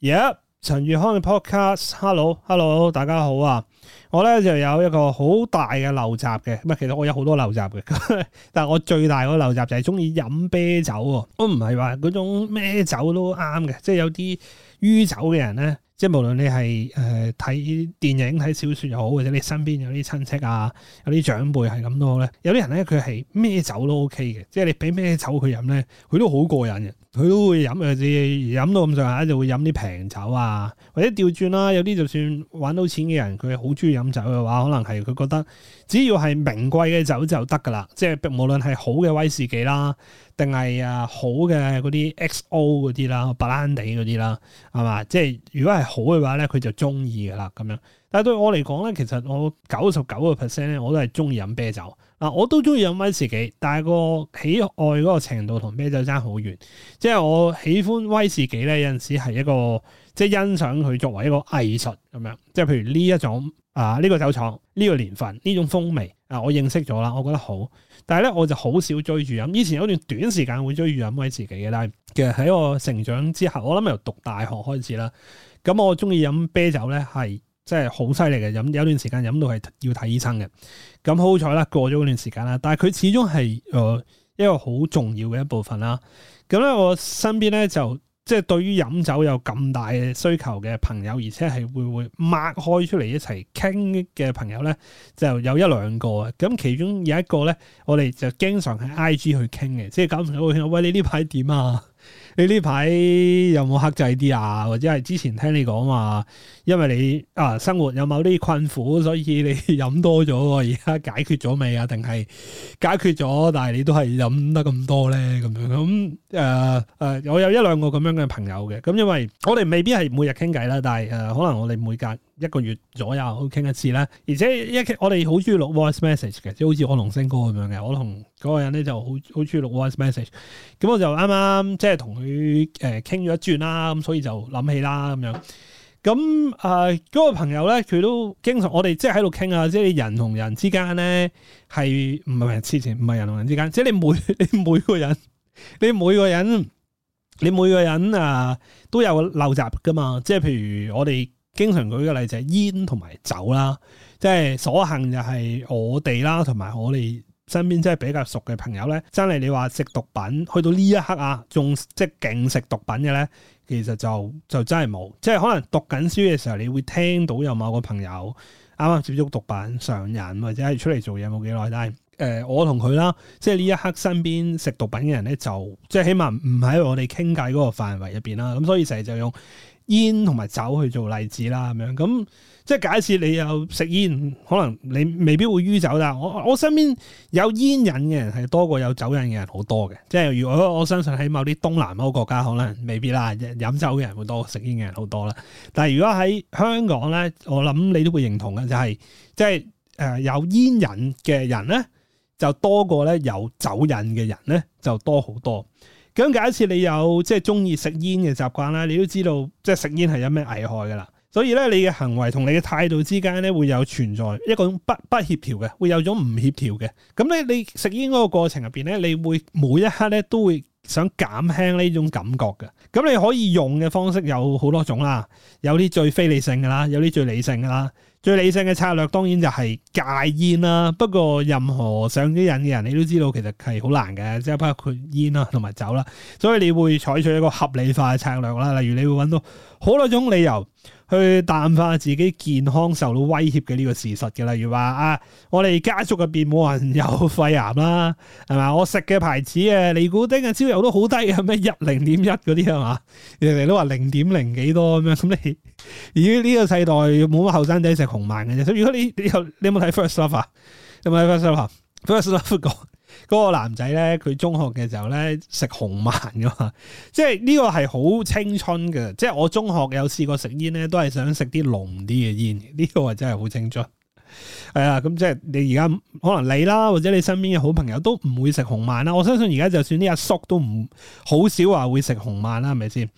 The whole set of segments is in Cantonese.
Yep，陳月康嘅 podcast，hello hello，大家好啊！我咧就有一個好大嘅陋習嘅，唔係，其實我有好多陋習嘅， 但係我最大嘅陋習就係中意飲啤酒喎、啊，我唔係話嗰種咩酒都啱嘅，即係有啲酗酒嘅人咧。即係無論你係誒睇電影睇小説又好，或者你身邊有啲親戚啊，有啲長輩係咁都好咧。有啲人咧佢係咩酒都 OK 嘅，即係你俾咩酒佢飲咧，佢都好過癮嘅，佢都會飲。或者飲到咁上下就會飲啲平酒啊，或者調轉啦。有啲就算玩到錢嘅人，佢好中意飲酒嘅話，可能係佢覺得只要係名貴嘅酒就得㗎啦。即係無論係好嘅威士忌啦。定係啊好嘅嗰啲 XO 嗰啲啦，白蘭地嗰啲啦，係嘛？即係如果係好嘅話咧，佢就中意噶啦咁樣。但係對我嚟講咧，其實我九十九個 percent 咧，我都係中意飲啤酒。嗱、啊，我都中意飲威士忌，但係個喜愛嗰個程度同啤酒差好遠。即係我喜歡威士忌咧，有陣時係一個即係欣賞佢作為一個藝術咁樣。即係譬如呢一種。啊！呢個酒廠，呢個年份，呢種風味啊，我認識咗啦，我覺得好。但係咧，我就好少追住飲。以前有段短時間會追住飲喺自己嘅啦。但係其實喺我成長之後，我諗由讀大學開始啦。咁我中意飲啤酒咧，係即係好犀利嘅飲。有段時間飲到係要睇醫生嘅。咁好彩啦，過咗嗰段時間啦。但係佢始終係誒一個好重要嘅一部分啦。咁咧，我身邊咧就～即係對於飲酒有咁大嘅需求嘅朋友，而且係會會擘開出嚟一齊傾嘅朋友呢，就有一兩個嘅。咁其中有一個呢，我哋就經常喺 IG 去傾嘅，即係搞唔到，喂，你呢排點啊？你呢排有冇克制啲啊？或者係之前聽你講話，因為你啊生活有某啲困苦，所以你飲多咗。而家解決咗未啊？定係解決咗，但係你都係飲得咁多咧？咁樣咁誒誒，我有一兩個咁樣嘅朋友嘅。咁因為我哋未必係每日傾偈啦，但係誒、呃、可能我哋每隔一個月左右，去傾一次啦，而且我我一我哋好中意錄 voice message 嘅，即係好似我同星哥咁樣嘅，我同嗰個人咧就好好中意錄 voice message。咁、嗯、我就啱啱即係同佢誒傾咗一轉啦，咁所以就諗起啦咁樣。咁誒嗰個朋友咧，佢都經常我哋即係喺度傾啊，即係你人同人之間咧係唔係唔前唔係人同人之間，即係你每你每個人，你每個人，你每個人啊、呃、都有陋習噶嘛，即係譬如我哋。經常舉嘅例子係煙同埋酒啦，即係所幸就係我哋啦，同埋我哋身邊即係比較熟嘅朋友咧，真係你話食毒品，去到呢一刻啊，仲即係勁食毒品嘅咧，其實就就真係冇，即係可能讀緊書嘅時候，你會聽到有某個朋友啱啱接觸毒品上癮，或者係出嚟做嘢冇幾耐，但係誒、呃、我同佢啦，即係呢一刻身邊食毒品嘅人咧，就即係起碼唔喺我哋傾偈嗰個範圍入邊啦，咁所以成日就用。煙同埋酒去做例子啦，咁樣咁即係假設你有食煙，可能你未必會酗酒啦。我我身邊有煙癮嘅人係多過有酒癮嘅人好多嘅。即係如果我相信喺某啲東南歐國家，可能未必啦，飲酒嘅人會多過食煙嘅人好多啦。但係如果喺香港咧，我諗你都會認同嘅、就係，就係即係誒有煙癮嘅人咧，就多過咧有酒癮嘅人咧，就多好多。咁假設你有即係中意食煙嘅習慣啦，你都知道即係食煙係有咩危害噶啦，所以咧你嘅行為同你嘅態度之間咧會有存在一個種不不協調嘅，會有種唔協調嘅。咁咧你食煙嗰個過程入邊咧，你會每一刻咧都會想減輕呢種感覺嘅。咁你可以用嘅方式有好多種啦，有啲最非理性噶啦，有啲最理性噶啦。最理性嘅策略當然就係戒煙啦。不過任何上咗癮嘅人，你都知道其實係好難嘅，即係包括煙啦同埋酒啦。所以你會採取一個合理化嘅策略啦，例如你會揾到好多種理由去淡化自己健康受到威脅嘅呢個事實嘅。例如話啊，我哋家族入邊冇人有肺癌啦，係嘛？我食嘅牌子嘅尼古丁嘅焦油都好低嘅，咩一零點一嗰啲係嘛？人哋都話零點零幾多咁樣咁你。而呢個世代冇乜後生仔食紅萬嘅啫，所以如果你有你有你有冇睇 First Love r、啊、有冇睇 First Love？First r Love 講嗰、啊、個男仔咧，佢中學嘅時候咧食紅萬噶嘛，即係呢個係好青春嘅。即係我中學有試過食煙咧，都係想食啲濃啲嘅煙，呢、這個真係好青春。係啊，咁、嗯嗯、即係你而家可能你啦，或者你身邊嘅好朋友都唔會食紅萬啦。我相信而家就算啲阿叔、叔都唔，好少話會食紅萬啦，係咪先？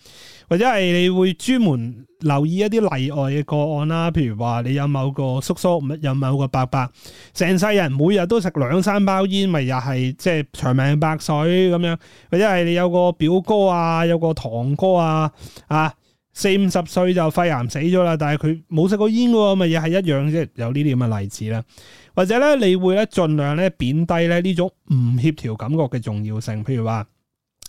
或者係你會專門留意一啲例外嘅個案啦，譬如話你有某個叔叔，有某個伯伯，成世人每日都食兩三包煙，咪又係即係長命百歲咁樣？或者係你有個表哥啊，有個堂哥啊，啊？四五十歲就肺癌死咗啦，但係佢冇食過煙嘅喎，咪又係一樣啫。有呢啲咁嘅例子啦。或者咧，你會咧盡量咧貶低咧呢種唔協調感覺嘅重要性，譬如話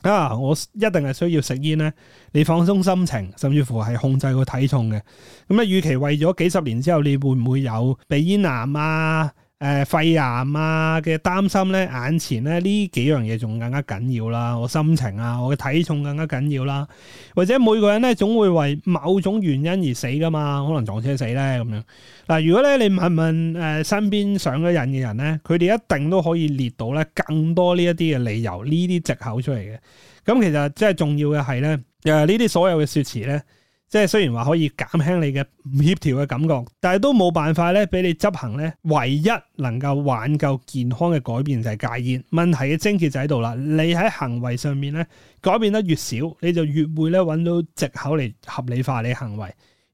啊，我一定係需要食煙咧，你放鬆心情，甚至乎係控制個體重嘅。咁、嗯、咧，預期為咗幾十年之後，你會唔會有鼻咽癌啊？誒、呃、肺癌啊嘅擔心咧，眼前咧呢幾樣嘢仲更加緊要啦。我心情啊，我嘅體重更加緊要啦。或者每個人咧總會為某種原因而死㗎嘛，可能撞車死咧咁樣。嗱，如果咧你問問誒、呃、身邊上咗癮嘅人咧，佢哋一定都可以列到咧更多呢一啲嘅理由，呢啲藉口出嚟嘅。咁、嗯、其實真係重要嘅係咧，誒呢啲所有嘅説辭咧。即係雖然話可以減輕你嘅唔協調嘅感覺，但係都冇辦法咧，俾你執行咧。唯一能夠挽救健康嘅改變就係戒煙。問題嘅症結就喺度啦。你喺行為上面咧改變得越少，你就越會咧揾到藉口嚟合理化你行為。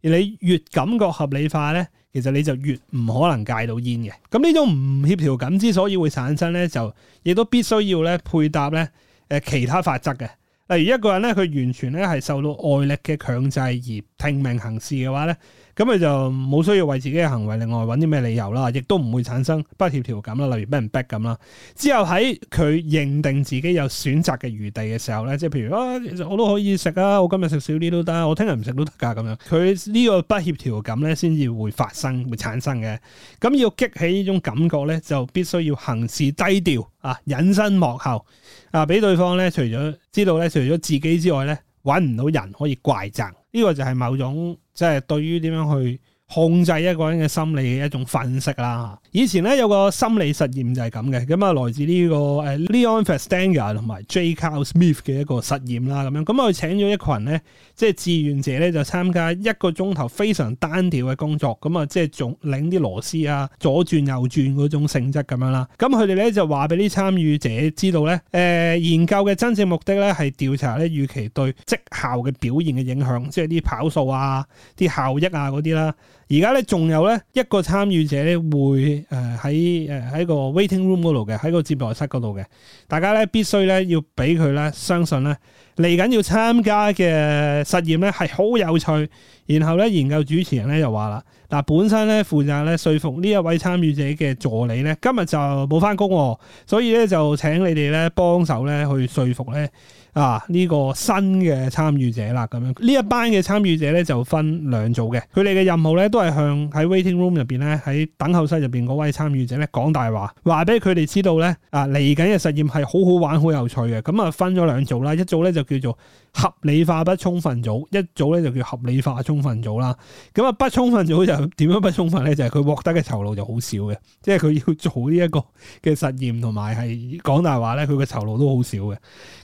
而你越感覺合理化咧，其實你就越唔可能戒到煙嘅。咁呢種唔協調感之所以會產生咧，就亦都必須要咧配搭咧誒其他法則嘅。例如一個人咧，佢完全咧係受到外力嘅強制而聽命行事嘅話咧，咁佢就冇需要為自己嘅行為另外揾啲咩理由啦，亦都唔會產生不協調感啦。例如俾人逼咁啦，之後喺佢認定自己有選擇嘅餘地嘅時候咧，即係譬如啊，其實我都可以食啊，我今日食少啲都得，我聽日唔食都得㗎咁樣。佢呢個不協調感咧，先至會發生會產生嘅。咁要激起呢種感覺咧，就必須要行事低調。啊！隱身幕後啊，俾對方咧，除咗知道咧，除咗自己之外咧，揾唔到人可以怪責，呢個就係某種即係對於點樣去。控制一個人嘅心理嘅一種分析啦。以前咧有個心理實驗就係咁嘅，咁啊來自呢個誒 Leon Festinger 同埋 J. Carl Smith 嘅一個實驗啦，咁樣咁啊佢請咗一群咧，即係志願者咧就參加一個鐘頭非常單調嘅工作，咁啊即係仲擰啲螺絲啊，左轉右轉嗰種性質咁樣啦。咁佢哋咧就話俾啲參與者知道咧，誒、呃、研究嘅真正目的咧係調查咧，預期對績效嘅表現嘅影響，即係啲跑數啊、啲效益啊嗰啲啦。而家咧仲有咧一個參與者咧會誒喺誒喺個 waiting room 嗰度嘅，喺個接待室嗰度嘅，大家咧必須咧要俾佢咧相信咧嚟緊要參加嘅實驗咧係好有趣，然後咧研究主持人咧就話啦，嗱本身咧負責咧說服呢一位參與者嘅助理咧今日就冇翻工喎，所以咧就請你哋咧幫手咧去說服咧。啊！呢個新嘅參與者啦，咁樣呢一班嘅參與者咧就分兩組嘅，佢哋嘅任務咧都係向喺 waiting room 入邊咧喺等候室入邊嗰位參與者咧講大話，話俾佢哋知道咧啊嚟緊嘅實驗係好好玩、好有趣嘅。咁啊分咗兩組啦，一組咧就叫做合理化不充分組，一組咧就叫合理化充分組啦。咁啊不充分組就點樣不充分咧？就係佢獲得嘅酬勞就好少嘅，即係佢要做呢一個嘅實驗同埋係講大話咧，佢嘅酬勞都好少嘅。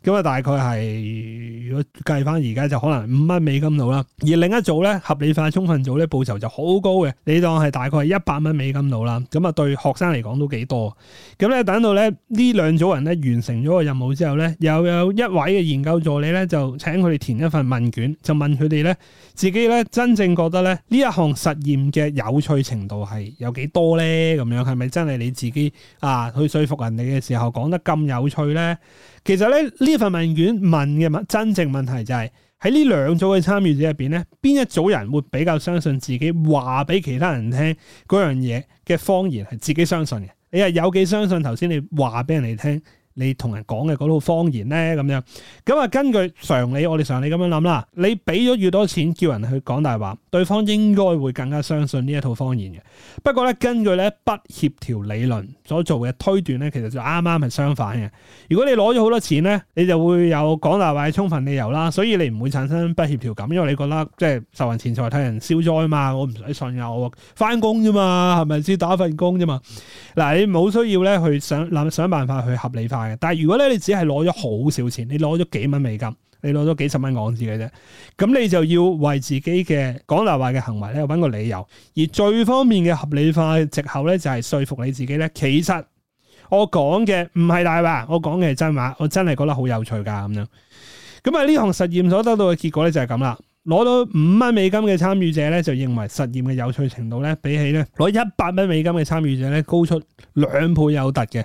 咁啊大概。係如果計翻而家就可能五蚊美金到啦，而另一組咧，合理化充分組咧報酬就好高嘅，你當係大概一百蚊美金到啦。咁啊，對學生嚟講都幾多。咁咧，等到咧呢兩組人咧完成咗個任務之後咧，又有一位嘅研究助理咧就請佢哋填一份問卷，就問佢哋咧自己咧真正覺得咧呢一項實驗嘅有趣程度係有幾多咧？咁樣係咪真係你自己啊去說服人哋嘅時候講得咁有趣咧？其實咧呢份問卷問嘅問真正問題就係喺呢兩組嘅參與者入邊咧，邊一組人會比較相信自己話俾其他人聽嗰樣嘢嘅謊言係自己相信嘅？你係有幾相信頭先你話俾人哋聽？你同人講嘅嗰套謊言呢，咁樣，咁啊，根據常理，我哋常理咁樣諗啦，你俾咗越多錢叫人去講大話，對方應該會更加相信呢一套謊言嘅。不過咧根據咧不協調理論所做嘅推斷咧，其實就啱啱係相反嘅。如果你攞咗好多錢咧，你就會有講大話嘅充分理由啦，所以你唔會產生不協調感，因為你覺得即係受人錢財替人消災啊嘛，我唔使信啊，我翻工啫嘛，係咪先打份工啫嘛？嗱，你冇需要咧去想諗想辦法去合理化。但係如果咧，你只係攞咗好少錢，你攞咗幾蚊美金，你攞咗幾十蚊港紙嘅啫，咁你就要為自己嘅講大話嘅行為咧，揾個理由。而最方便嘅合理化借口咧，就係說服你自己咧，其實我講嘅唔係大話，我講嘅係真話，我真係覺得好有趣噶咁樣。咁啊，呢項實驗所得到嘅結果咧，就係咁啦。攞到五蚊美金嘅參與者咧，就認為實驗嘅有趣程度咧，比起咧攞一百蚊美金嘅參與者咧，高出兩倍有突嘅。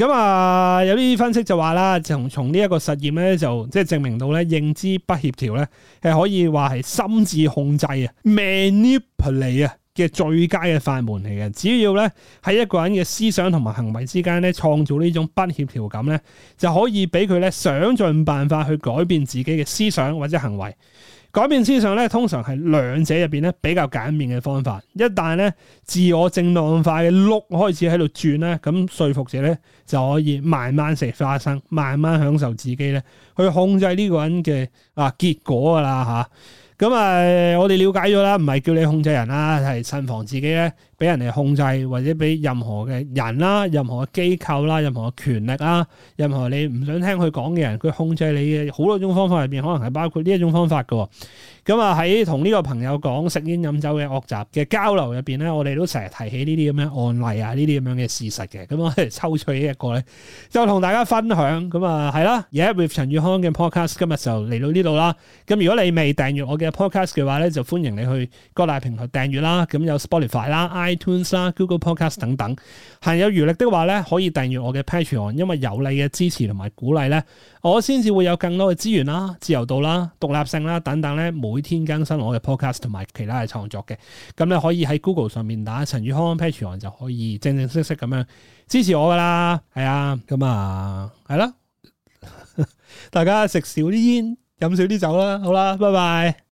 咁啊、嗯，有啲分析就話啦，從從呢一個實驗咧，就即係證明到咧，認知不協調咧，係可以話係心智控制啊、manipulate 啊嘅最佳嘅法門嚟嘅。只要咧喺一個人嘅思想同埋行為之間咧，創造呢種不協調感咧，就可以俾佢咧想盡辦法去改變自己嘅思想或者行為。改變思想咧，通常係兩者入邊咧比較簡便嘅方法。一旦咧自我正當化嘅碌開始喺度轉咧，咁說服者咧就可以慢慢食花生，慢慢享受自己咧，去控制呢個人嘅啊結果噶啦嚇。咁啊、嗯，我哋了解咗啦，唔係叫你控制人啦，係慎防自己咧，俾人哋控制，或者俾任何嘅人啦、任何嘅機構啦、任何嘅權力啦，任何你唔想聽佢講嘅人，佢控制你嘅好多種方法入邊，可能係包括呢一種方法嘅、哦。咁、嗯、啊，喺同呢個朋友講食煙飲酒嘅惡習嘅交流入邊咧，我哋都成日提起呢啲咁樣案例啊，呢啲咁樣嘅事實嘅。咁我係抽取一、呢個咧、嗯，就同大家分享。咁、嗯、啊，係、嗯、啦，而家 with 陳宇康嘅 podcast，今日就嚟到呢度啦。咁、嗯、如果你未訂閱我嘅，Podcast 嘅話咧，就歡迎你去各大平台訂閱啦。咁有 Spotify 啦、iTunes 啦、Google Podcast 等等。行有餘力的話咧，可以訂閱我嘅 Patreon，因為有你嘅支持同埋鼓勵咧，我先至會有更多嘅資源啦、自由度啦、獨立性啦等等咧，每天更新我嘅 Podcast 同埋其他嘅創作嘅。咁你可以喺 Google 上面打陳宇康 Patreon 就可以正正式式咁樣支持我噶啦。係啊，咁啊，係啦、啊。 大家食少啲煙，飲少啲酒啦。好啦，拜拜。